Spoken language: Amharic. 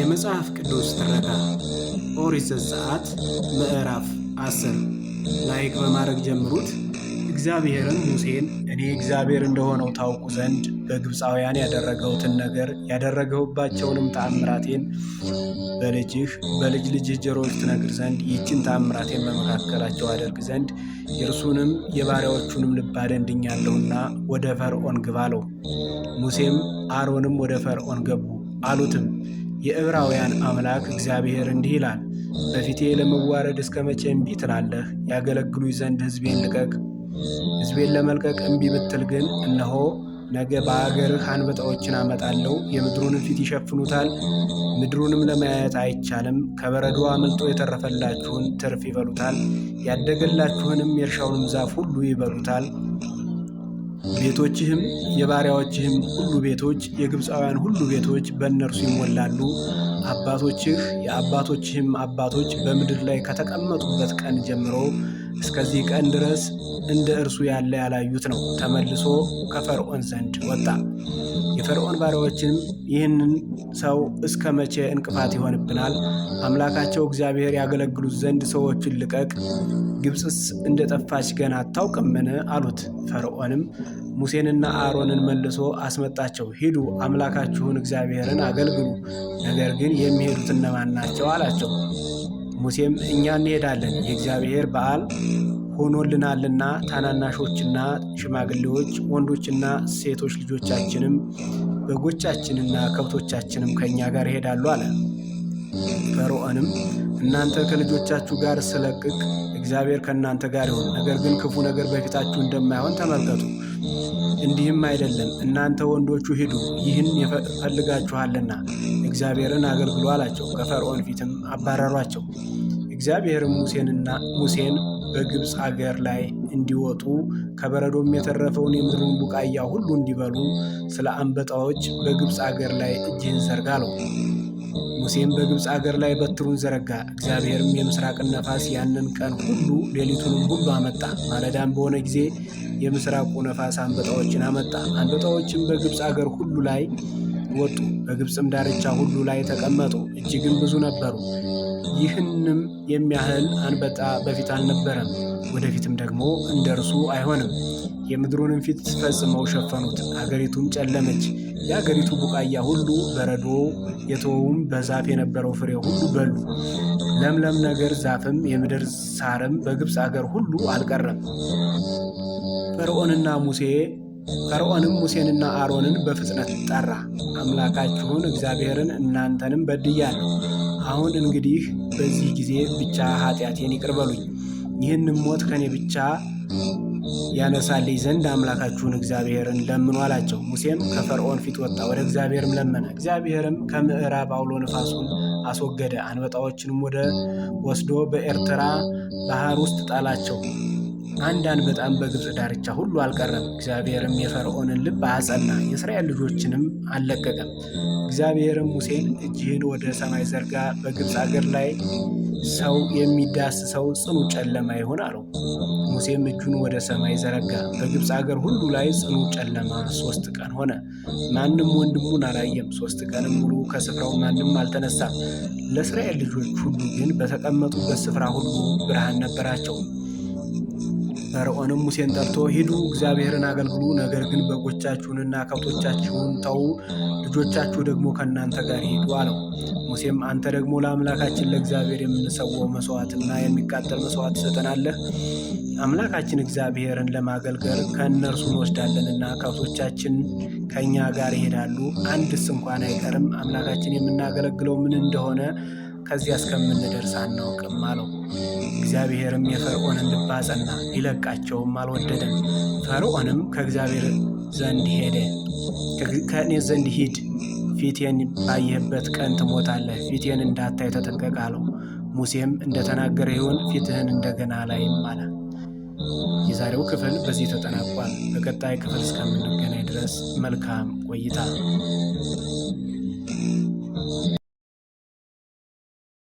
የመጽሐፍ ቅዱስ ትረካ ኦሪት ሰዓት ምዕራፍ አስር ላይክ በማድረግ ጀምሩት። እግዚአብሔርን ሙሴን እኔ እግዚአብሔር እንደሆነው ታውቁ ዘንድ በግብፃውያን ያደረገውትን ነገር ያደረገውባቸውንም ተአምራቴን በልጅህ በልጅ ልጅህ ጆሮች ትነግር ዘንድ ይችን ተአምራቴን በመካከላቸው አደርግ ዘንድ የእርሱንም የባሪያዎቹንም ልብ አደንድኛለሁና ወደ ፈርዖን ግባ አለው። ሙሴም አሮንም ወደ ፈርዖን ገቡ አሉትም የዕብራውያን አምላክ እግዚአብሔር እንዲህ ይላል፣ በፊቴ ለመዋረድ እስከ መቼ እምቢ ትላለህ? ያገለግሉኝ ዘንድ ሕዝቤን ልቀቅ። ሕዝቤን ለመልቀቅ እምቢ ብትል ግን እነሆ ነገ በአገርህ አንበጣዎችን አመጣለሁ፣ የምድሩንም ፊት ይሸፍኑታል፣ ምድሩንም ለማየት አይቻልም። ከበረዶ አምልጦ የተረፈላችሁን ትርፍ ይበሉታል፣ ያደገላችሁንም የእርሻውንም ዛፍ ሁሉ ይበሉታል። ቤቶችህም የባሪያዎችህም ሁሉ ቤቶች የግብፃውያን ሁሉ ቤቶች በእነርሱ ይሞላሉ። አባቶችህ የአባቶችህም አባቶች በምድር ላይ ከተቀመጡበት ቀን ጀምሮ እስከዚህ ቀን ድረስ እንደ እርሱ ያለ ያላዩት ነው። ተመልሶ ከፈርዖን ዘንድ ወጣ። የፈርዖን ባሪያዎችም ይህንን ሰው እስከ መቼ እንቅፋት ይሆንብናል? አምላካቸው እግዚአብሔር ያገለግሉት ዘንድ ሰዎቹን ልቀቅ፣ ግብፅስ እንደ ጠፋች ገና አታውቅምን? አሉት። ፈርዖንም ሙሴንና አሮንን መልሶ አስመጣቸው። ሂዱ፣ አምላካችሁን እግዚአብሔርን አገልግሉ። ነገር ግን የሚሄዱት እነማን ናቸው? አላቸው። ሙሴም እኛ እንሄዳለን፣ የእግዚአብሔር በዓል ሆኖልናልና ታናናሾችና ሽማግሌዎች ወንዶችና ሴቶች ልጆቻችንም በጎቻችንና ከብቶቻችንም ከእኛ ጋር ይሄዳሉ አለ። ፈርዖንም እናንተ ከልጆቻችሁ ጋር ስለቅቅ እግዚአብሔር ከእናንተ ጋር ይሆን ነገር ግን ክፉ ነገር በፊታችሁ እንደማይሆን ተመልከቱ። እንዲህም አይደለም እናንተ ወንዶቹ ሂዱ፣ ይህን ይፈልጋችኋልና እግዚአብሔርን አገልግሎ አላቸው። ከፈርዖን ፊትም አባረሯቸው። እግዚአብሔርም ሙሴንና ሙሴን በግብፅ አገር ላይ እንዲወጡ ከበረዶም የተረፈውን የምድርን ቡቃያ ሁሉ እንዲበሉ ስለ አንበጣዎች በግብፅ አገር ላይ እጅህን ዘርጋ አለው። ሙሴም በግብፅ አገር ላይ በትሩን ዘረጋ። እግዚአብሔርም የምስራቅን ነፋስ ያንን ቀን ሁሉ ሌሊቱንም ሁሉ አመጣ። ማለዳም በሆነ ጊዜ የምስራቁ ነፋስ አንበጣዎችን አመጣ። አንበጣዎችም በግብፅ አገር ሁሉ ላይ ወጡ፣ በግብፅም ዳርቻ ሁሉ ላይ ተቀመጡ፣ እጅግም ብዙ ነበሩ። ይህንም የሚያህል አንበጣ በፊት አልነበረም፣ ወደፊትም ደግሞ እንደ እርሱ አይሆንም። የምድሩንም ፊት ፈጽመው ሸፈኑት፣ አገሪቱም ጨለመች። የአገሪቱ ቡቃያ ሁሉ በረዶ፣ የተወውም በዛፍ የነበረው ፍሬ ሁሉ በሉ። ለምለም ነገር ዛፍም የምድር ሳርም በግብፅ አገር ሁሉ አልቀረም። ፈርዖንና ሙሴ ፈርዖንም ሙሴንና አሮንን በፍጥነት ጠራ። አምላካችሁን እግዚአብሔርን እናንተንም በድያለሁ አሁን እንግዲህ በዚህ ጊዜ ብቻ ኃጢአቴን ይቅርበሉኝ በሉኝ፣ ይህንም ሞት ከኔ ብቻ ያነሳልኝ ዘንድ አምላካችሁን እግዚአብሔርን ለምኑ አላቸው። ሙሴም ከፈርዖን ፊት ወጣ፣ ወደ እግዚአብሔርም ለመነ። እግዚአብሔርም ከምዕራብ አውሎ ነፋሱን አስወገደ፣ አንበጣዎችንም ወደ ወስዶ በኤርትራ ባህር ውስጥ ጣላቸው። አንድ አንበጣም በግብፅ ዳርቻ ሁሉ አልቀረም። እግዚአብሔርም የፈርዖንን ልብ አጸና፣ የእስራኤል ልጆችንም አልለቀቀም። እግዚአብሔርም ሙሴን እጅህን ወደ ሰማይ ዘርጋ፣ በግብፅ አገር ላይ ሰው የሚዳስሰው ጽኑ ጨለማ ይሆን አለው። ሙሴም እጁን ወደ ሰማይ ዘረጋ፣ በግብፅ አገር ሁሉ ላይ ጽኑ ጨለማ ሶስት ቀን ሆነ። ማንም ወንድሙን አላየም። ሶስት ቀንም ሙሉ ከስፍራው ማንም አልተነሳም። ለእስራኤል ልጆች ሁሉ ግን በተቀመጡበት ስፍራ ሁሉ ብርሃን ነበራቸው። ፈርዖንም ሙሴን ጠርቶ ሂዱ፣ እግዚአብሔርን አገልግሉ፣ ነገር ግን በጎቻችሁንና ከብቶቻችሁን ተዉ፣ ልጆቻችሁ ደግሞ ከእናንተ ጋር ሂዱ አለው። ሙሴም አንተ ደግሞ ለአምላካችን ለእግዚአብሔር የምንሰዋው መስዋዕትና የሚቃጠል መስዋዕት ትሰጠናለህ አምላካችን እግዚአብሔርን ለማገልገል ከእነርሱ እንወስዳለንና ከብቶቻችን ከእኛ ጋር ይሄዳሉ፣ አንድስ እንኳን አይቀርም። አምላካችን የምናገለግለው ምን እንደሆነ ከዚያ እስከምንደርስ አናውቅም አለው። እግዚአብሔርም የፈርዖንን ልብ አጸና፣ ሊለቃቸውም አልወደደም። ፈርዖንም ከእግዚአብሔር ዘንድ ሄደ ከእኔ ዘንድ ሂድ፣ ፊቴን ባየህበት ቀን ትሞታለህ፣ ፊቴን እንዳታይ ተጠንቀቅ አለው። ሙሴም እንደተናገረ ይሁን፣ ፊትህን እንደገና ላይም አለ። የዛሬው ክፍል በዚህ ተጠናቋል። በቀጣይ ክፍል እስከምንገናኝ ድረስ መልካም ቆይታ